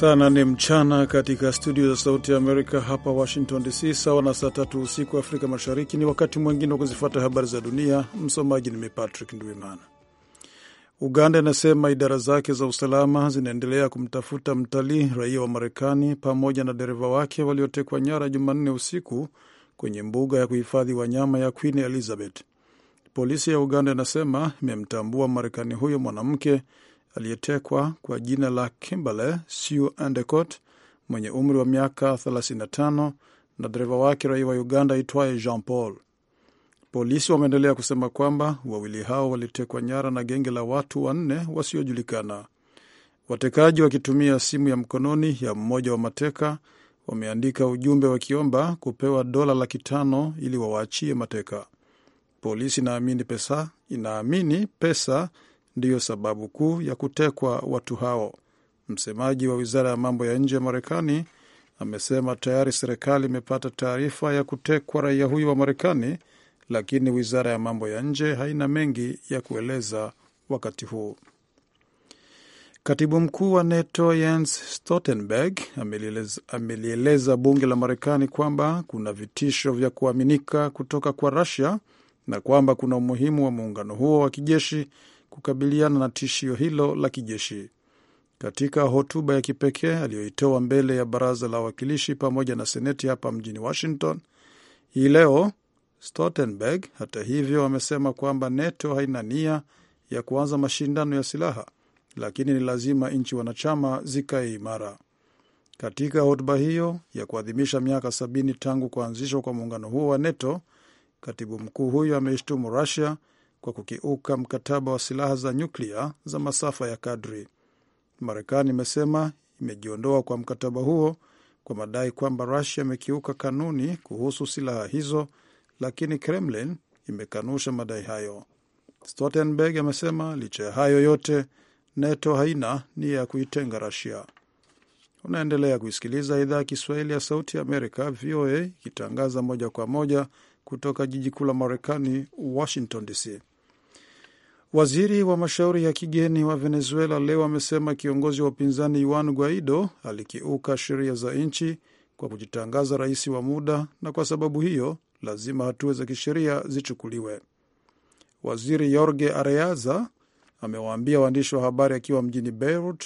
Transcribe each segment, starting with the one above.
Saa nane mchana katika studio za Sauti ya Amerika hapa Washington DC, sawa na saa tatu usiku Afrika Mashariki. Ni wakati mwingine wa kuzifuata habari za dunia. Msomaji ni mimi Patrick Ndwimana. Uganda inasema idara zake za usalama zinaendelea kumtafuta mtalii raia wa Marekani pamoja na dereva wake waliotekwa nyara Jumanne usiku kwenye mbuga ya kuhifadhi wanyama ya Queen Elizabeth. Polisi ya Uganda inasema imemtambua Marekani huyo mwanamke aliyetekwa kwa jina la kimbale Sue Endicott mwenye umri wa miaka 35 na dereva wake raia wa Uganda aitwaye Jean Paul. Polisi wameendelea kusema kwamba wawili hao walitekwa nyara na genge la watu wanne wasiojulikana. Watekaji wakitumia simu ya mkononi ya mmoja wa mateka wameandika ujumbe wakiomba kupewa dola laki tano ili wawaachie mateka. Polisi inaamini pesa, inaamini pesa ndiyo sababu kuu ya kutekwa watu hao. Msemaji wa wizara ya mambo ya nje ya Marekani amesema tayari serikali imepata taarifa ya kutekwa raia huyu wa Marekani, lakini wizara ya mambo ya nje haina mengi ya kueleza wakati huu. Katibu mkuu wa NATO Jens Stoltenberg amelieleza, bunge la Marekani kwamba kuna vitisho vya kuaminika kutoka kwa rasia na kwamba kuna umuhimu wa muungano huo wa kijeshi kukabiliana na tishio hilo la kijeshi. Katika hotuba ya kipekee aliyoitoa mbele ya baraza la wawakilishi pamoja na seneti hapa mjini Washington hii leo, Stoltenberg hata hivyo amesema kwamba NATO haina nia ya kuanza mashindano ya silaha, lakini ni lazima nchi wanachama zikae imara. Katika hotuba hiyo ya kuadhimisha miaka sabini tangu kuanzishwa kwa muungano huo wa NATO, katibu mkuu huyo ameishtumu Rusia kwa kukiuka mkataba wa silaha za nyuklia za masafa ya kadri. Marekani imesema imejiondoa kwa mkataba huo kwa madai kwamba Rusia imekiuka kanuni kuhusu silaha hizo, lakini Kremlin imekanusha madai hayo. Stoltenberg amesema licha ya hayo yote, NATO haina nia ya kuitenga Rusia. Unaendelea kuisikiliza idhaa ya Kiswahili ya Sauti ya Amerika, VOA, ikitangaza moja kwa moja kutoka jiji kuu la Marekani, Washington DC. Waziri wa mashauri ya kigeni wa Venezuela leo amesema kiongozi wa upinzani Juan Guaido alikiuka sheria za nchi kwa kujitangaza rais wa muda, na kwa sababu hiyo lazima hatua za kisheria zichukuliwe. Waziri Jorge Areaza amewaambia waandishi wa habari akiwa mjini Beirut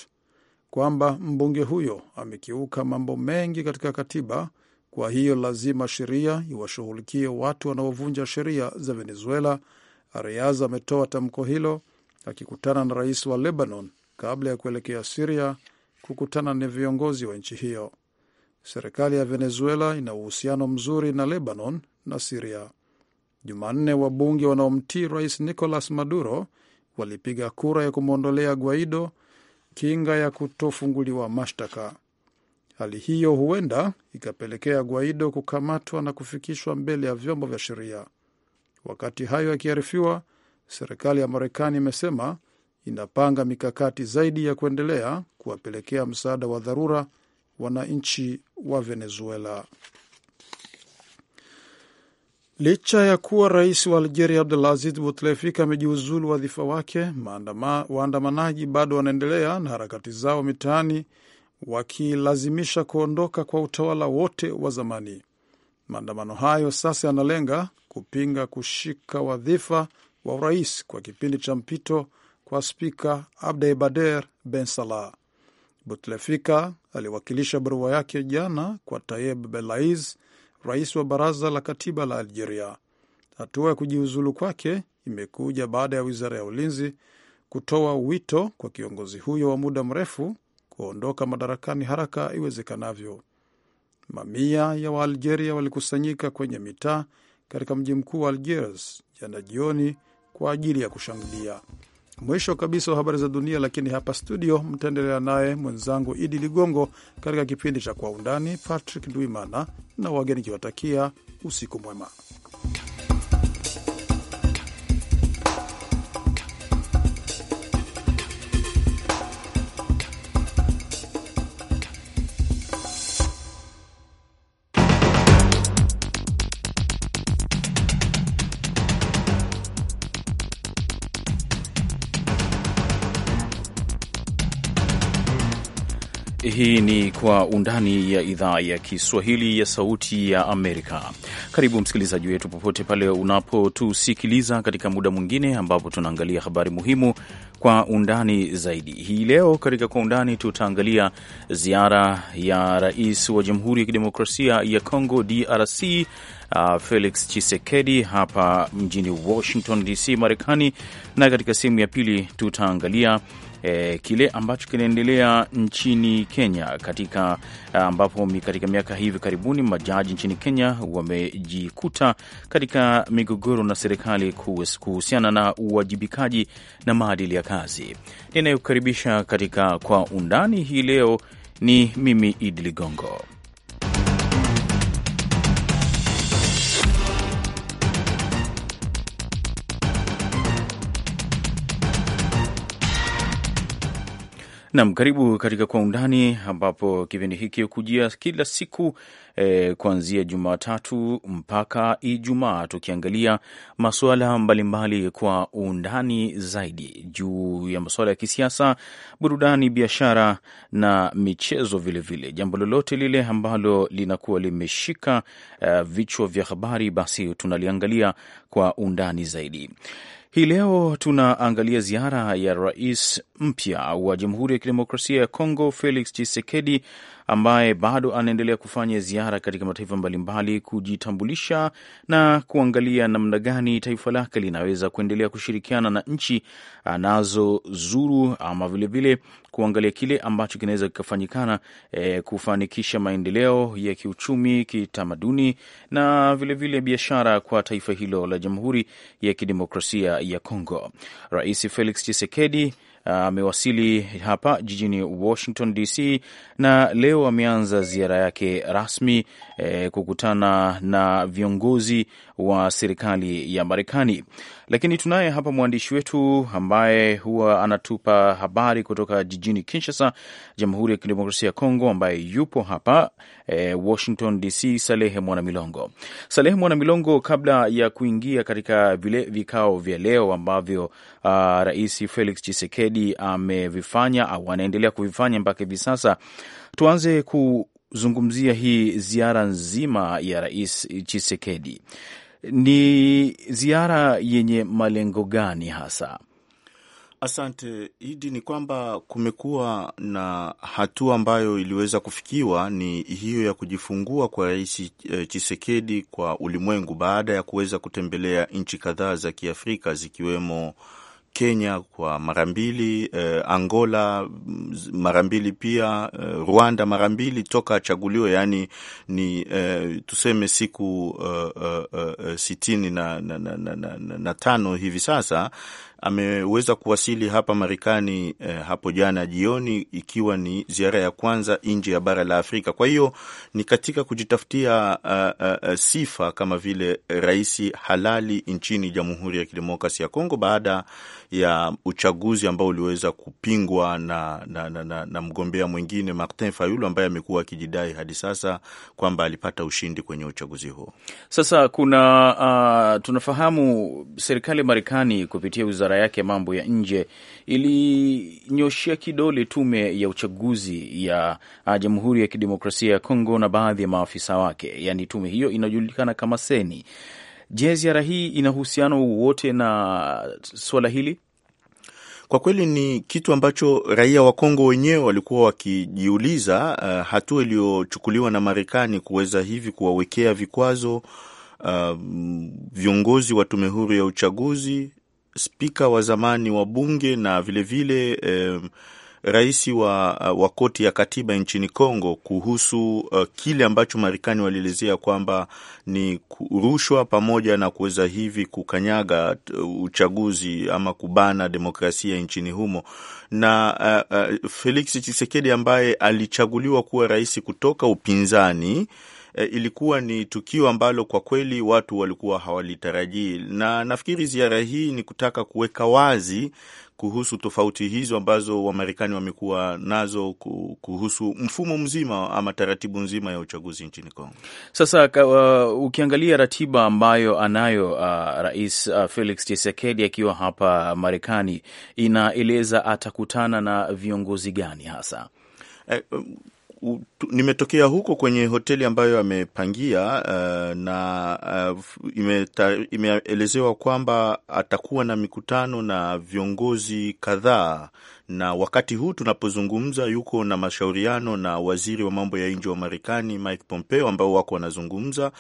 kwamba mbunge huyo amekiuka mambo mengi katika katiba, kwa hiyo lazima sheria iwashughulikie watu wanaovunja sheria za Venezuela ariaz ametoa tamko hilo akikutana na rais wa Lebanon kabla ya kuelekea Siria kukutana na viongozi wa nchi hiyo. Serikali ya Venezuela ina uhusiano mzuri na Lebanon na Siria. Jumanne, wabunge wanaomtii rais Nicolas Maduro walipiga kura ya kumwondolea Guaido kinga ya kutofunguliwa mashtaka. Hali hiyo huenda ikapelekea Guaido kukamatwa na kufikishwa mbele ya vyombo vya sheria. Wakati hayo yakiarifiwa, serikali ya Marekani imesema inapanga mikakati zaidi ya kuendelea kuwapelekea msaada wa dharura wananchi wa Venezuela. Licha ya kuwa rais wa Algeria Abdulaziz Butlefika amejiuzulu wadhifa wake, waandamanaji bado wanaendelea na harakati zao mitaani wakilazimisha kuondoka kwa utawala wote wa zamani. Maandamano hayo sasa yanalenga kupinga kushika wadhifa wa urais kwa kipindi cha mpito kwa spika Bader Ben Salah. Butlefika aliwakilisha barua yake jana kwa Tayeb belais rais wa baraza la katiba la Algeria. Hatua ya kujiuzulu kwake imekuja baada ya wizara ya ulinzi kutoa wito kwa kiongozi huyo wa muda mrefu kuondoka madarakani haraka iwezekanavyo. Mamia ya Waalgeria walikusanyika kwenye mitaa katika mji mkuu wa Algiers jana jioni kwa ajili ya kushangilia. Mwisho kabisa wa habari za dunia, lakini hapa studio mtaendelea naye mwenzangu Idi Ligongo katika kipindi cha Kwa Undani. Patrick Ndwimana na wageni kiwatakia usiku mwema. Hii ni Kwa Undani ya idhaa ya Kiswahili ya Sauti ya Amerika. Karibu msikilizaji wetu popote pale unapotusikiliza katika muda mwingine ambapo tunaangalia habari muhimu kwa undani zaidi. Hii leo katika Kwa Undani tutaangalia ziara ya rais wa Jamhuri ya Kidemokrasia ya Kongo, DRC, uh, Felix chisekedi hapa mjini Washington DC, Marekani, na katika sehemu ya pili tutaangalia eh, kile ambacho kinaendelea nchini Kenya katika eh, ambapo katika miaka hivi karibuni majaji nchini Kenya wamejikuta katika migogoro na serikali kuhusiana na uwajibikaji na maadili ya kazi. Ninayokaribisha katika Kwa Undani hii leo ni mimi Idi Ligongo. Nam, karibu katika Kwa Undani, ambapo kipindi hiki hukujia kila siku eh, kuanzia Jumatatu mpaka Ijumaa, tukiangalia masuala mbalimbali kwa undani zaidi juu ya masuala ya kisiasa, burudani, biashara na michezo vilevile Jambo lolote lile ambalo linakuwa limeshika eh, vichwa vya habari, basi tunaliangalia kwa undani zaidi. Hii leo tunaangalia ziara ya rais mpya wa Jamhuri ya Kidemokrasia ya Kongo Felix Tshisekedi ambaye bado anaendelea kufanya ziara katika mataifa mbalimbali kujitambulisha na kuangalia namna gani taifa lake linaweza kuendelea kushirikiana na nchi anazozuru ama vilevile kuangalia kile ambacho kinaweza kikafanyikana e, kufanikisha maendeleo ya kiuchumi, kitamaduni na vilevile biashara kwa taifa hilo la Jamhuri ya Kidemokrasia ya Kongo. Rais Felix Tshisekedi amewasili uh, hapa jijini Washington DC na leo ameanza ziara yake rasmi eh, kukutana na viongozi wa serikali ya Marekani. Lakini tunaye hapa mwandishi wetu ambaye huwa anatupa habari kutoka jijini Kinshasa, Jamhuri ya Kidemokrasia ya Kongo, ambaye yupo hapa e, Washington DC, Salehe Mwanamilongo. Salehe Mwanamilongo, kabla ya kuingia katika vile vikao vya leo ambavyo a, ah, Rais Felix Tshisekedi amevifanya au anaendelea kuvifanya mpaka hivi sasa, tuanze kuzungumzia hii ziara nzima ya Rais chisekedi ni ziara yenye malengo gani hasa? Asante Idi, ni kwamba kumekuwa na hatua ambayo iliweza kufikiwa, ni hiyo ya kujifungua kwa Rais Chisekedi eh, kwa ulimwengu baada ya kuweza kutembelea nchi kadhaa za Kiafrika zikiwemo Kenya kwa mara mbili eh, Angola mara mbili pia eh, Rwanda mara mbili toka achaguliwe, yaani ni eh, tuseme siku eh, eh, eh, sitini na, na, na, na, na, na tano hivi sasa ameweza kuwasili hapa Marekani eh, hapo jana jioni, ikiwa ni ziara ya kwanza nje ya bara la Afrika. Kwa hiyo ni katika kujitafutia uh, uh, sifa kama vile rais halali nchini Jamhuri ya Kidemokrasi ya Kongo baada ya uchaguzi ambao uliweza kupingwa na, na, na, na, na mgombea mwingine Martin Fayulu ambaye amekuwa akijidai hadi sasa kwamba alipata ushindi kwenye uchaguzi huo. Sasa kuna uh, tunafahamu serikali ya Marekani kupitia wizara wizara yake ya mambo ya nje ilinyoshea kidole tume ya uchaguzi ya ah, Jamhuri ya Kidemokrasia ya Kongo na baadhi ya maafisa wake, yaani tume hiyo inajulikana kama Seni. Je, ziara hii ina uhusiano wowote na suala hili? Kwa kweli ni kitu ambacho raia wa Kongo wenyewe walikuwa wakijiuliza, uh, hatua iliyochukuliwa na Marekani kuweza hivi kuwawekea vikwazo uh, viongozi wa tume huru ya uchaguzi spika wa zamani wa bunge na vilevile vile, eh, rais wa, wa koti ya katiba nchini Kongo kuhusu uh, kile ambacho Marekani walielezea kwamba ni rushwa pamoja na kuweza hivi kukanyaga uh, uchaguzi ama kubana demokrasia nchini humo na uh, uh, Felix Tshisekedi ambaye alichaguliwa kuwa rais kutoka upinzani eh, ilikuwa ni tukio ambalo kwa kweli watu walikuwa hawalitarajii, na nafikiri ziara hii ni kutaka kuweka wazi kuhusu tofauti hizo ambazo Wamarekani wamekuwa nazo kuhusu mfumo mzima ama taratibu nzima ya uchaguzi nchini Kongo. Sasa uh, ukiangalia ratiba ambayo anayo uh, Rais uh, Felix Tshisekedi akiwa hapa Marekani, inaeleza atakutana na viongozi gani hasa? Eh, um, nimetokea huko kwenye hoteli ambayo amepangia uh, na uh, imeelezewa kwamba atakuwa na mikutano na viongozi kadhaa na wakati huu tunapozungumza yuko na mashauriano na waziri wa mambo ya nje wa Marekani Mike Pompeo ambao wako wanazungumza,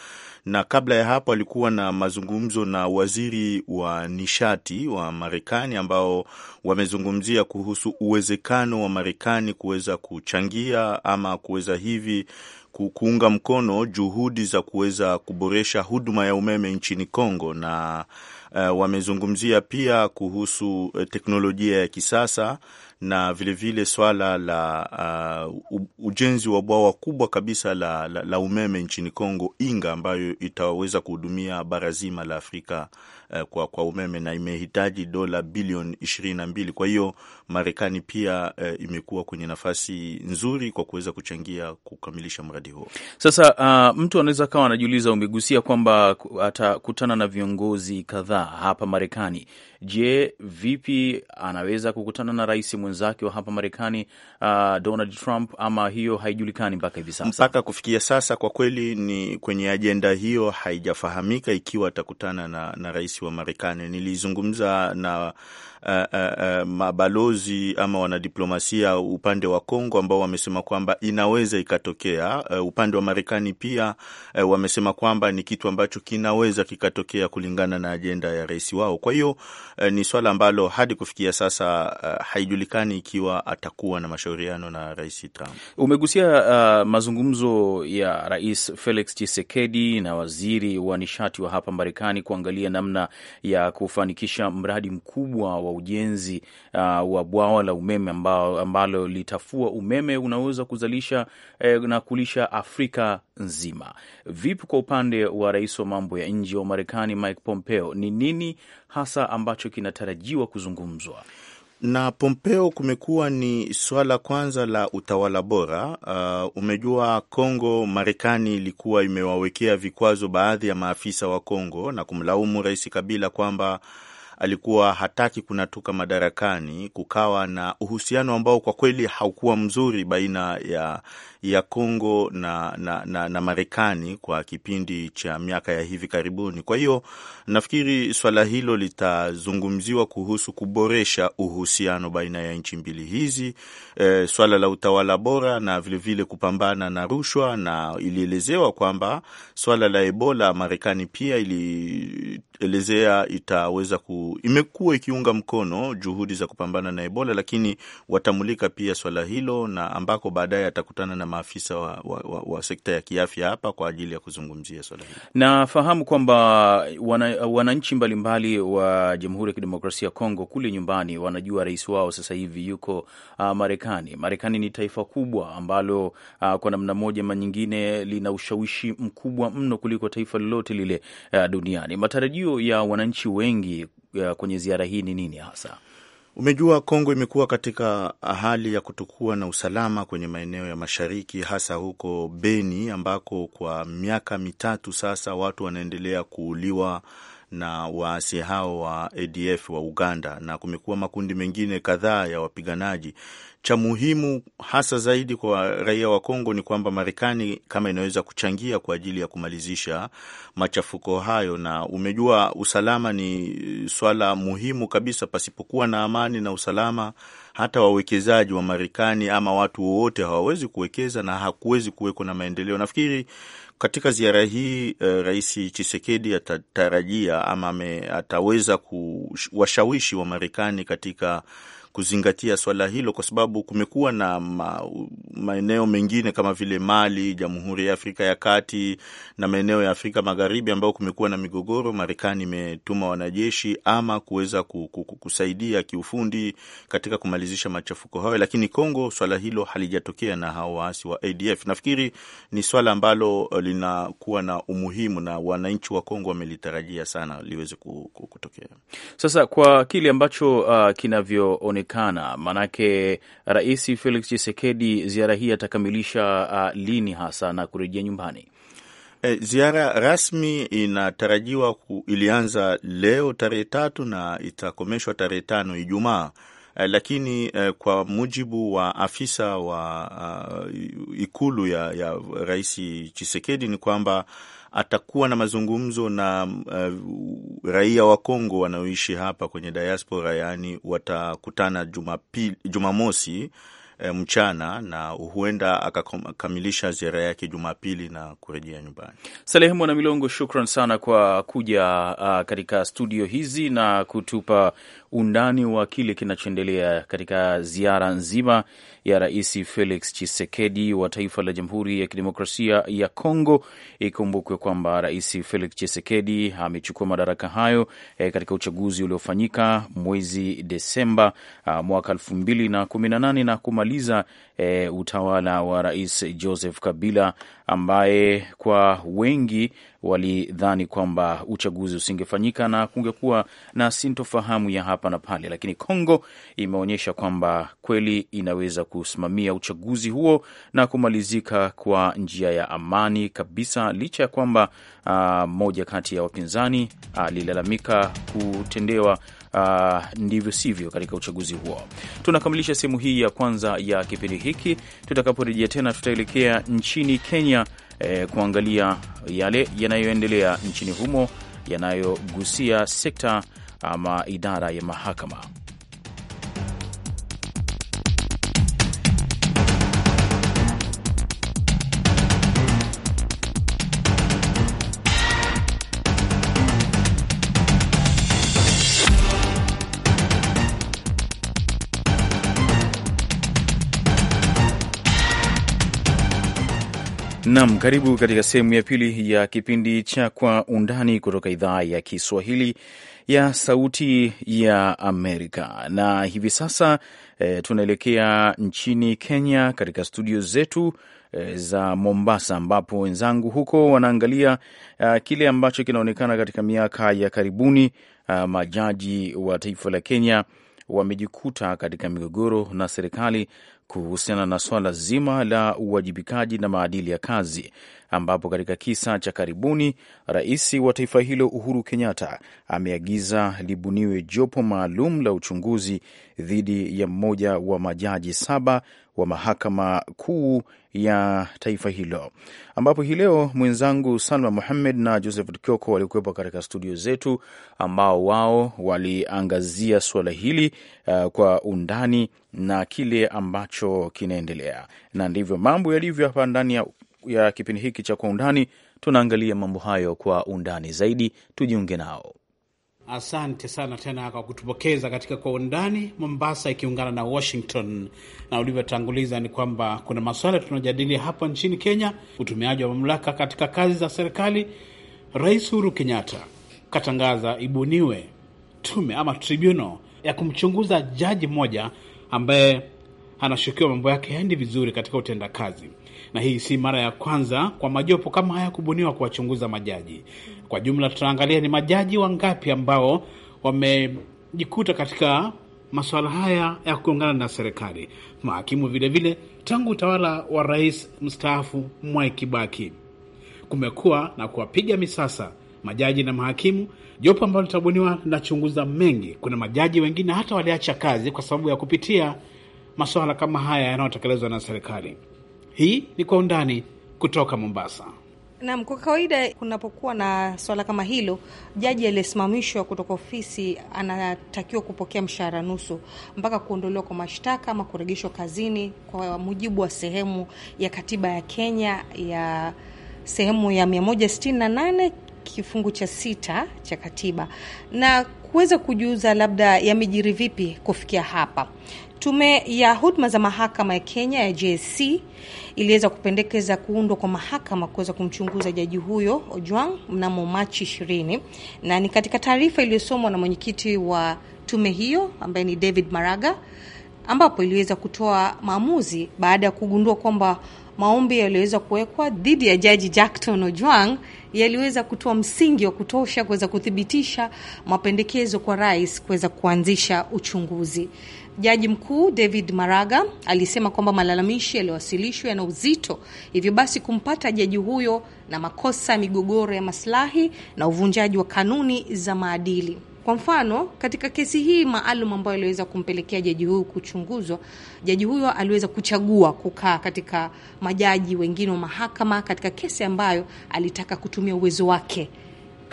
na kabla ya hapo alikuwa na mazungumzo na waziri wa nishati wa Marekani ambao wamezungumzia kuhusu uwezekano wa Marekani kuweza kuchangia ama kuweza hivi kuunga mkono juhudi za kuweza kuboresha huduma ya umeme nchini Kongo na uh, wamezungumzia pia kuhusu eh, teknolojia ya kisasa na vilevile vile swala la uh, ujenzi wa bwawa kubwa kabisa la, la, la umeme nchini Kongo Inga, ambayo itaweza kuhudumia bara zima la Afrika uh, kwa, kwa umeme na imehitaji dola bilioni ishirini na mbili. Kwa hiyo Marekani pia e, imekuwa kwenye nafasi nzuri kwa kuweza kuchangia kukamilisha mradi huo. Sasa uh, mtu anaweza kawa anajiuliza, umegusia kwamba atakutana na viongozi kadhaa hapa Marekani. Je, vipi anaweza kukutana na rais mwenzake wa hapa Marekani uh, Donald Trump ama hiyo haijulikani mpaka hivi sasa? Mpaka kufikia sasa kwa kweli ni kwenye ajenda hiyo haijafahamika ikiwa atakutana na, na rais wa Marekani. Nilizungumza na uh, uh, mabalozi ama wanadiplomasia upande wa Kongo ambao wamesema kwamba inaweza ikatokea. Uh, upande wa Marekani pia uh, wamesema kwamba ni kitu ambacho kinaweza kikatokea kulingana na ajenda ya rais wao. Kwa hiyo uh, ni swala ambalo hadi kufikia sasa uh, haijulikani ikiwa atakuwa na mashauriano na rais Trump. Umegusia uh, mazungumzo ya rais Felix Tshisekedi na waziri wa nishati wa hapa Marekani kuangalia namna ya kufanikisha mradi mkubwa wa ujenzi uh, wa bwawa la umeme ambalo, ambalo litafua umeme unaweza kuzalisha eh, na kulisha Afrika nzima. Vipi kwa upande wa rais wa mambo ya nje wa Marekani Mike Pompeo, ni nini hasa ambacho kinatarajiwa kuzungumzwa na Pompeo? Kumekuwa ni suala kwanza la utawala bora. Uh, umejua Kongo, Marekani ilikuwa imewawekea vikwazo baadhi ya maafisa wa Kongo na kumlaumu Rais Kabila kwamba alikuwa hataki kunatuka madarakani, kukawa na uhusiano ambao kwa kweli haukuwa mzuri baina ya ya Kongo na, na, na, na Marekani kwa kipindi cha miaka ya hivi karibuni. Kwa hiyo nafikiri swala hilo litazungumziwa kuhusu kuboresha uhusiano baina ya nchi mbili hizi, e, swala la utawala bora na vilevile vile kupambana na rushwa, na ilielezewa kwamba swala la Ebola Marekani pia ilielezea itaweza ku, imekuwa ikiunga mkono juhudi za kupambana na Ebola, lakini watamulika pia swala hilo na ambako baadaye atakutana na maafisa wa, wa, wa, wa sekta ya kiafya hapa kwa ajili ya kuzungumzia swala hili. Nafahamu kwamba wananchi wana mbalimbali wa Jamhuri ya Kidemokrasia ya Kongo kule nyumbani wanajua rais wao sasa hivi yuko uh, Marekani. Marekani ni taifa kubwa ambalo uh, kwa namna moja ama nyingine lina ushawishi mkubwa mno kuliko taifa lolote lile uh, duniani. Matarajio ya wananchi wengi uh, kwenye ziara hii ni nini hasa? Umejua Kongo imekuwa katika hali ya kutokuwa na usalama kwenye maeneo ya mashariki, hasa huko Beni ambako kwa miaka mitatu sasa watu wanaendelea kuuliwa na waasi hao wa ADF wa Uganda, na kumekuwa makundi mengine kadhaa ya wapiganaji. Cha muhimu hasa zaidi kwa raia wa Kongo ni kwamba Marekani kama inaweza kuchangia kwa ajili ya kumalizisha machafuko hayo, na umejua, usalama ni swala muhimu kabisa. Pasipokuwa na amani na usalama, hata wawekezaji wa Marekani ama watu wowote hawawezi kuwekeza na hakuwezi kuweko na maendeleo. Nafikiri katika ziara hii eh, Rais Chisekedi atatarajia ama ataweza kuwashawishi wa Marekani katika kuzingatia swala hilo, kwa sababu kumekuwa na ma, maeneo mengine kama vile Mali, Jamhuri ya Afrika ya Kati na maeneo ya Afrika Magharibi ambayo kumekuwa na migogoro. Marekani imetuma wanajeshi ama kuweza kusaidia kiufundi katika kumalizisha machafuko hayo, lakini Kongo swala hilo halijatokea na hao waasi wa ADF. Nafikiri ni swala ambalo linakuwa na umuhimu na wananchi wa Kongo wamelitarajia sana liweze kutokea. Sasa kwa kile ambacho uh, kinavyoonekana kuonekana? Maanake Rais Felix chisekedi ziara hii atakamilisha uh, lini hasa na kurejea nyumbani? E, ziara rasmi inatarajiwa ku, ilianza leo tarehe tatu na itakomeshwa tarehe tano Ijumaa. E, lakini e, kwa mujibu wa afisa wa uh, ikulu ya, ya Rais Chisekedi ni kwamba atakuwa na mazungumzo na uh, raia wa Kongo wanaoishi hapa kwenye diaspora, yaani watakutana Jumapili, Jumamosi e, mchana na huenda akakamilisha ziara yake Jumapili na kurejea nyumbani. Salehe Mwana Milongo, shukran sana kwa kuja uh, katika studio hizi na kutupa undani wa kile kinachoendelea katika ziara nzima ya Rais Felix Tshisekedi wa taifa la Jamhuri ya Kidemokrasia ya Kongo. Ikumbukwe kwamba Rais Felix Tshisekedi amechukua madaraka hayo e, katika uchaguzi uliofanyika mwezi Desemba ah, mwaka elfu mbili na kumi na nane na kumaliza e, utawala wa Rais Joseph Kabila ambaye kwa wengi walidhani kwamba uchaguzi usingefanyika na kungekuwa na sintofahamu ya hapa na pale, lakini Kongo imeonyesha kwamba kweli inaweza kusimamia uchaguzi huo na kumalizika kwa njia ya amani kabisa, licha ya kwamba mmoja kati ya wapinzani alilalamika kutendewa uh, ndivyo sivyo katika uchaguzi huo. Tunakamilisha sehemu hii ya kwanza ya kipindi hiki. Tutakaporejea tena, tutaelekea nchini Kenya eh, kuangalia yale yanayoendelea nchini humo yanayogusia sekta ama idara ya mahakama. Nam, karibu katika sehemu ya pili ya kipindi cha Kwa Undani kutoka idhaa ya Kiswahili ya Sauti ya Amerika. Na hivi sasa e, tunaelekea nchini Kenya katika studio zetu e, za Mombasa, ambapo wenzangu huko wanaangalia a, eh, kile ambacho kinaonekana katika miaka ya karibuni a, majaji wa taifa la Kenya wamejikuta katika migogoro na serikali kuhusiana na swala zima la uwajibikaji na maadili ya kazi, ambapo katika kisa cha karibuni rais wa taifa hilo Uhuru Kenyatta ameagiza libuniwe jopo maalum la uchunguzi dhidi ya mmoja wa majaji saba wa mahakama kuu ya taifa hilo, ambapo hii leo mwenzangu Salma Muhammed na Joseph Kioko walikuwepo katika studio zetu, ambao wao waliangazia suala hili uh, kwa undani na kile ambacho kinaendelea, na ndivyo mambo yalivyo hapa ndani ya, ya kipindi hiki cha Kwa Undani. Tunaangalia mambo hayo kwa undani zaidi, tujiunge nao. Asante sana tena kwa kutupokeza katika kwa undani. Mombasa ikiungana na Washington, na ulivyotanguliza ni kwamba kuna maswala tunajadili hapa nchini Kenya, utumiaji wa mamlaka katika kazi za serikali. Rais Uhuru Kenyatta katangaza ibuniwe tume ama tribunal ya kumchunguza jaji mmoja ambaye anashukiwa mambo yake haendi vizuri katika utendakazi, na hii si mara ya kwanza kwa majopo kama haya kubuniwa kuwachunguza majaji. Kwa jumla tutaangalia ni majaji wangapi ambao wamejikuta katika masuala haya ya kuungana na serikali, mahakimu vilevile. Tangu utawala wa rais mstaafu Mwai Kibaki kumekuwa na kuwapiga misasa majaji na mahakimu, jopo ambalo litabuniwa linachunguza mengi. Kuna majaji wengine hata waliacha kazi kwa sababu ya kupitia masuala kama haya yanayotekelezwa na serikali. Hii ni Kwa Undani kutoka Mombasa. Naam, kwa kawaida kunapokuwa na swala kama hilo, jaji aliyesimamishwa kutoka ofisi anatakiwa kupokea mshahara nusu mpaka kuondolewa kwa mashtaka ama kurejeshwa kazini, kwa mujibu wa sehemu ya katiba ya Kenya ya sehemu ya 168 kifungu cha sita cha katiba na kuweza kujuza labda yamejiri vipi kufikia hapa. Tume ya huduma za mahakama ya Kenya ya JSC iliweza kupendekeza kuundwa kwa mahakama kuweza kumchunguza jaji huyo Ojwang mnamo Machi 20 na ni katika taarifa iliyosomwa na mwenyekiti wa tume hiyo ambaye ni David Maraga ambapo iliweza kutoa maamuzi baada ya kugundua kwamba maombi yaliweza kuwekwa dhidi ya Jaji Jackton Ojwang yaliweza kutoa msingi wa kutosha kuweza kuthibitisha mapendekezo kwa rais kuweza kuanzisha uchunguzi. Jaji mkuu David Maraga alisema kwamba malalamishi yaliyowasilishwa yana uzito, hivyo basi kumpata jaji huyo na makosa ya migogoro ya maslahi na uvunjaji wa kanuni za maadili. Kwa mfano, katika kesi hii maalum ambayo iliweza kumpelekea jaji huyu kuchunguzwa, jaji huyo aliweza kuchagua kukaa katika majaji wengine wa mahakama katika kesi ambayo alitaka kutumia uwezo wake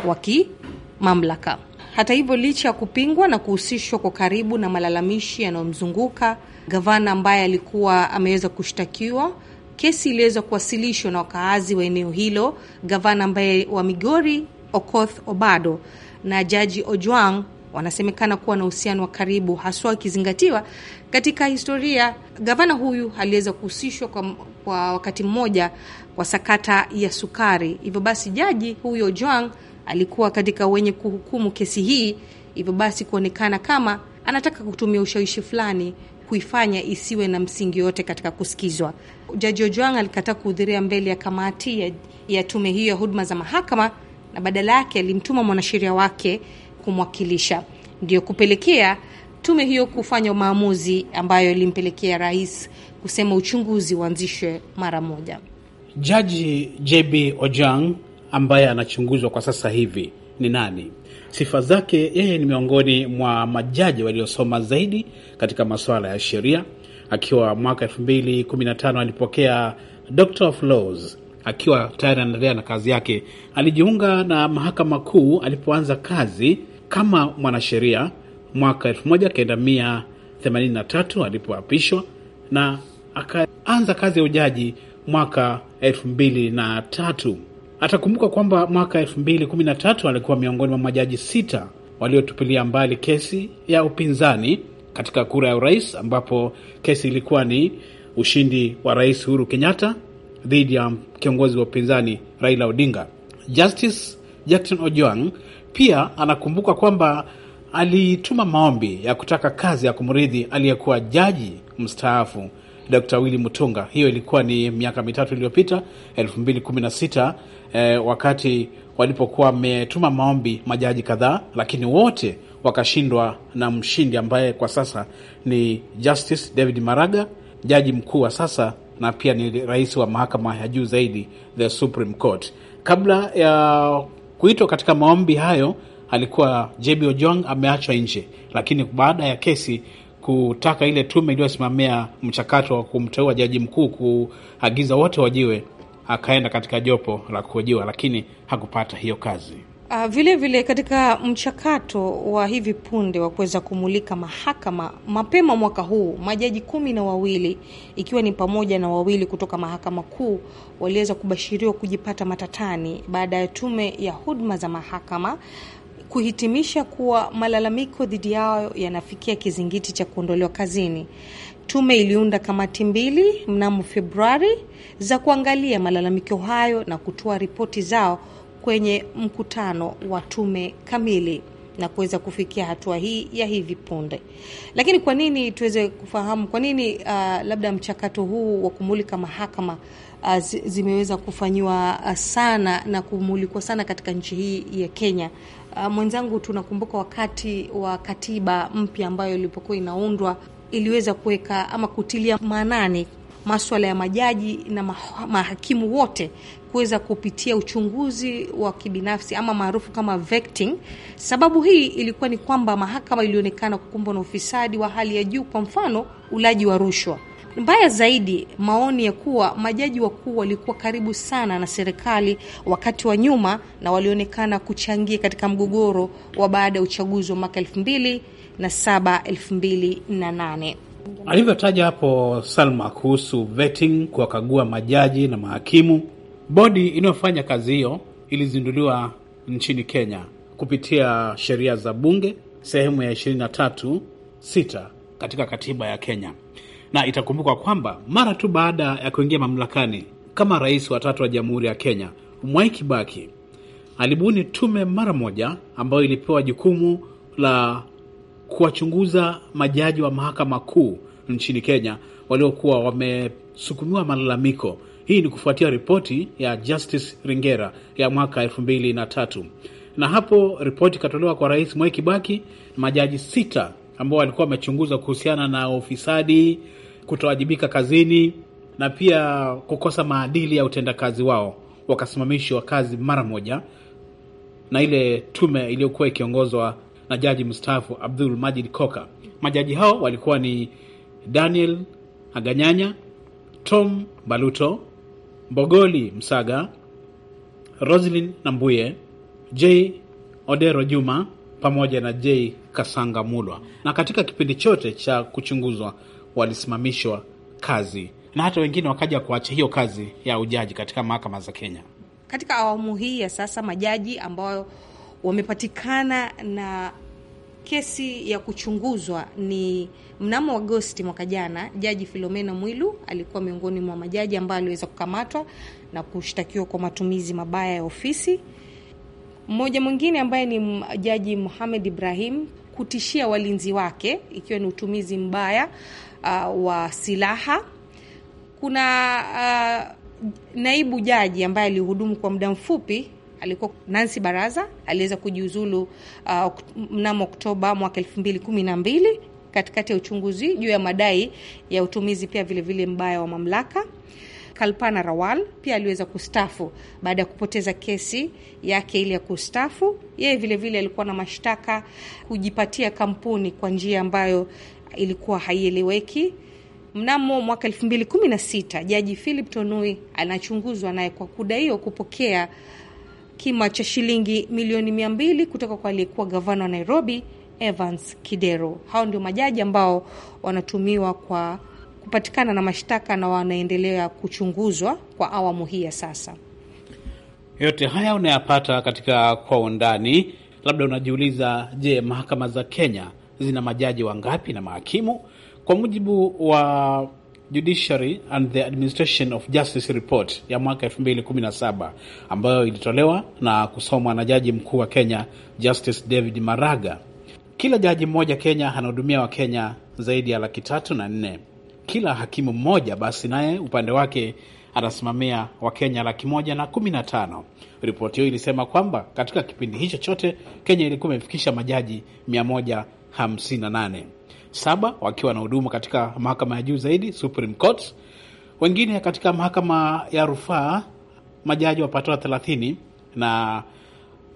wa kimamlaka. Hata hivyo, licha ya kupingwa na kuhusishwa kwa karibu na malalamishi yanayomzunguka gavana ambaye alikuwa ameweza kushtakiwa, kesi iliweza kuwasilishwa na wakaazi wa eneo hilo. Gavana ambaye wa Migori Okoth Obado na Jaji Ojwang wanasemekana kuwa na uhusiano wa karibu, haswa ikizingatiwa katika historia gavana huyu aliweza kuhusishwa kwa, kwa wakati mmoja kwa sakata ya sukari. Hivyo basi jaji huyo Ojwang alikuwa katika wenye kuhukumu kesi hii, hivyo basi kuonekana kama anataka kutumia ushawishi fulani kuifanya isiwe na msingi yote katika kusikizwa. Jaji Ojwang alikataa kuhudhuria mbele ya kamati ya, ya tume hiyo ya huduma za mahakama na badala yake alimtuma mwanasheria wake kumwakilisha, ndio kupelekea tume hiyo kufanya maamuzi ambayo ilimpelekea rais kusema uchunguzi uanzishwe mara moja. Jaji JB Ojang ambaye anachunguzwa kwa sasa hivi ni nani? Sifa zake, yeye ni miongoni mwa majaji waliosoma zaidi katika masuala ya sheria, akiwa mwaka 2015 alipokea Doctor of Laws akiwa tayari anaendelea na kazi yake. Alijiunga na mahakama kuu alipoanza kazi kama mwanasheria mwaka 1983 alipoapishwa na akaanza kazi ya ujaji mwaka 2003. Atakumbuka kwamba mwaka 2013 alikuwa miongoni mwa majaji sita waliotupilia mbali kesi ya upinzani katika kura ya urais, ambapo kesi ilikuwa ni ushindi wa Rais Uhuru Kenyatta dhidi ya kiongozi wa upinzani Raila Odinga. Justice Jackson Ojuang pia anakumbuka kwamba alituma maombi ya kutaka kazi ya kumrithi aliyekuwa jaji mstaafu Dr. Willy Mutunga. Hiyo ilikuwa ni miaka mitatu iliyopita 2016, eh, wakati walipokuwa wametuma maombi majaji kadhaa, lakini wote wakashindwa na mshindi ambaye kwa sasa ni Justice David Maraga, jaji mkuu wa sasa na pia ni rais wa mahakama ya juu zaidi, the Supreme Court. Kabla ya kuitwa katika maombi hayo, alikuwa JB Ojwang ameachwa nje, lakini baada ya kesi kutaka ile tume iliyosimamia mchakato wa kumteua jaji mkuu kuagiza wote wajiwe, akaenda katika jopo la kuhojiwa, lakini hakupata hiyo kazi. Uh, vile vile katika mchakato wa hivi punde wa kuweza kumulika mahakama mapema mwaka huu, majaji kumi na wawili ikiwa ni pamoja na wawili kutoka mahakama kuu waliweza kubashiriwa kujipata matatani baada ya tume ya huduma za mahakama kuhitimisha kuwa malalamiko dhidi yao yanafikia kizingiti cha kuondolewa kazini. Tume iliunda kamati mbili mnamo Februari za kuangalia malalamiko hayo na kutoa ripoti zao kwenye mkutano wa tume kamili na kuweza kufikia hatua hii ya hivi punde. Lakini kwa nini tuweze kufahamu kwa nini uh, labda mchakato huu wa kumulika mahakama uh, zimeweza kufanyiwa uh, sana na kumulikwa sana katika nchi hii ya Kenya? Uh, mwenzangu, tunakumbuka wakati wa katiba mpya ambayo ilipokuwa inaundwa iliweza kuweka ama kutilia maanani maswala ya majaji na mahakimu wote kuweza kupitia uchunguzi wa kibinafsi ama maarufu kama vetting. Sababu hii ilikuwa ni kwamba mahakama ilionekana kukumbwa na ufisadi wa hali ya juu, kwa mfano ulaji wa rushwa. Mbaya zaidi, maoni ya kuwa majaji wakuu walikuwa karibu sana na serikali wakati wa nyuma na walionekana kuchangia katika mgogoro wa baada ya uchaguzi wa mwaka elfu mbili na saba elfu mbili na nane alivyotaja hapo Salma kuhusu vetting, kuwakagua majaji na mahakimu. Bodi inayofanya kazi hiyo ilizinduliwa nchini Kenya kupitia sheria za bunge sehemu ya 23 6 katika katiba ya Kenya, na itakumbukwa kwamba mara tu baada ya kuingia mamlakani kama rais wa tatu wa Jamhuri ya Kenya, Mwai Kibaki alibuni tume mara moja ambayo ilipewa jukumu la kuwachunguza majaji wa mahakama kuu nchini Kenya waliokuwa wamesukumiwa malalamiko. Hii ni kufuatia ripoti ya Justice Ringera ya mwaka elfu mbili na tatu na hapo ripoti ikatolewa kwa Rais Mwai Kibaki. Majaji sita ambao walikuwa wamechunguzwa kuhusiana na ufisadi, kutowajibika kazini na pia kukosa maadili ya utendakazi wao, wakasimamishwa kazi mara moja na ile tume iliyokuwa ikiongozwa na jaji mstaafu Abdul Majid Koka. Majaji hao walikuwa ni Daniel Aganyanya, Tom Baluto, Mbogoli Msaga, Roslin Nambuye, J Odero Juma pamoja na J Kasanga Mulwa, na katika kipindi chote cha kuchunguzwa walisimamishwa kazi na hata wengine wakaja kuacha hiyo kazi ya ujaji katika mahakama za Kenya. Katika awamu hii ya sasa, majaji ambao wamepatikana na Kesi ya kuchunguzwa ni mnamo Agosti mwaka jana, jaji Filomena Mwilu alikuwa miongoni mwa majaji ambayo aliweza kukamatwa na kushtakiwa kwa matumizi mabaya ya ofisi. Mmoja mwingine ambaye ni jaji Mohamed Ibrahim kutishia walinzi wake ikiwa ni utumizi mbaya uh, wa silaha. Kuna uh, naibu jaji ambaye alihudumu kwa muda mfupi alikuwa Nancy Baraza aliweza kujiuzulu uh, mnamo Oktoba mwaka elfu mbili kumi na mbili katikati ya uchunguzi juu ya madai ya utumizi pia vilevile vile mbaya wa mamlaka. Kalpana Rawal pia aliweza kustafu baada ya kupoteza kesi yake ile ya kustafu. Yeye vilevile alikuwa na mashtaka kujipatia kampuni kwa njia ambayo ilikuwa haieleweki. Mnamo mwaka 2016 Jaji Philip Tonui anachunguzwa naye kwa kudaiwa kupokea kima cha shilingi milioni mia mbili kutoka kwa aliyekuwa gavana wa Nairobi Evans Kidero. Hao ndio majaji ambao wanatumiwa kwa kupatikana na mashtaka na wanaendelea kuchunguzwa kwa awamu hii ya sasa. Yote haya unayapata katika kwa undani. Labda unajiuliza, je, mahakama za Kenya zina majaji wangapi na mahakimu? Kwa mujibu wa Judiciary and the Administration of Justice Report ya mwaka 2017 ambayo ilitolewa na kusomwa na jaji mkuu wa Kenya Justice David Maraga. Kila jaji mmoja Kenya anahudumia Wakenya zaidi ya laki tatu na nne. Kila hakimu mmoja basi naye upande wake anasimamia Wakenya laki moja na kumi na tano. Ripoti hiyo ilisema kwamba katika kipindi hicho chote Kenya ilikuwa imefikisha majaji mia moja 58, saba wakiwa na hudumu katika mahakama ya juu zaidi Supreme Court, wengine katika mahakama ya rufaa majaji wapatao 30 na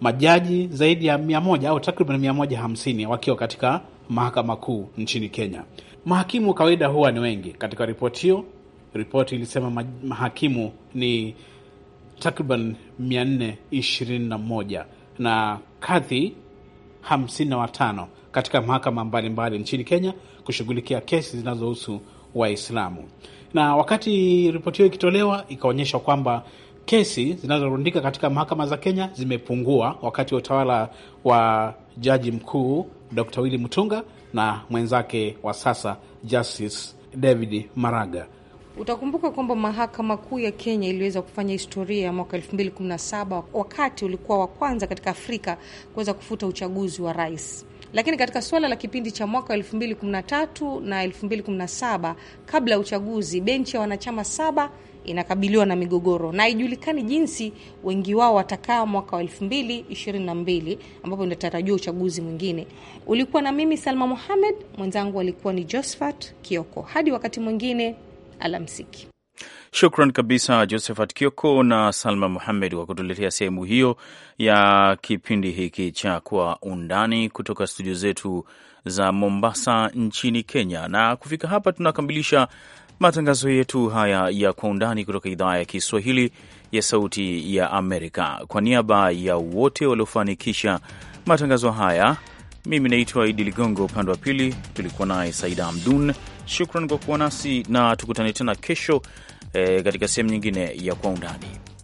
majaji zaidi ya 100 au takriban 150 wakiwa katika mahakama kuu nchini Kenya. Mahakimu kawaida huwa ni wengi katika ripoti hiyo. Ripoti ilisema mahakimu ni takriban 421 na kadhi 55 katika mahakama mbalimbali nchini Kenya kushughulikia kesi zinazohusu Waislamu. Na wakati ripoti hiyo ikitolewa, ikaonyesha kwamba kesi zinazorundika katika mahakama za Kenya zimepungua wakati wa utawala wa jaji mkuu Dr. Willy Mutunga na mwenzake wa sasa Justice David Maraga. Utakumbuka kwamba mahakama kuu ya Kenya iliweza kufanya historia mwaka 2017 wakati ulikuwa wa kwanza katika Afrika kuweza kufuta uchaguzi wa rais. Lakini katika suala la kipindi cha mwaka wa 2013 na 2017 kabla ya uchaguzi, benchi ya wanachama saba inakabiliwa na migogoro na haijulikani jinsi wengi wao watakaa mwaka wa 2022 ambapo inatarajiwa uchaguzi mwingine. Ulikuwa na mimi Salma Mohamed, mwenzangu alikuwa ni Josphat Kioko. Hadi wakati mwingine, alamsiki. Shukran kabisa Josephat Kioko na Salma muhamed kwa kutuletea sehemu hiyo ya kipindi hiki cha Kwa Undani kutoka studio zetu za Mombasa nchini Kenya. Na kufika hapa, tunakamilisha matangazo yetu haya ya Kwa Undani kutoka idhaa ya Kiswahili ya Sauti ya Amerika. Kwa niaba ya wote waliofanikisha matangazo haya mimi naitwa Idi Ligongo, upande wa pili tulikuwa naye Saida Amdun. Shukran kwa kuwa nasi na tukutane tena kesho e, katika sehemu nyingine ya Kwa Undani.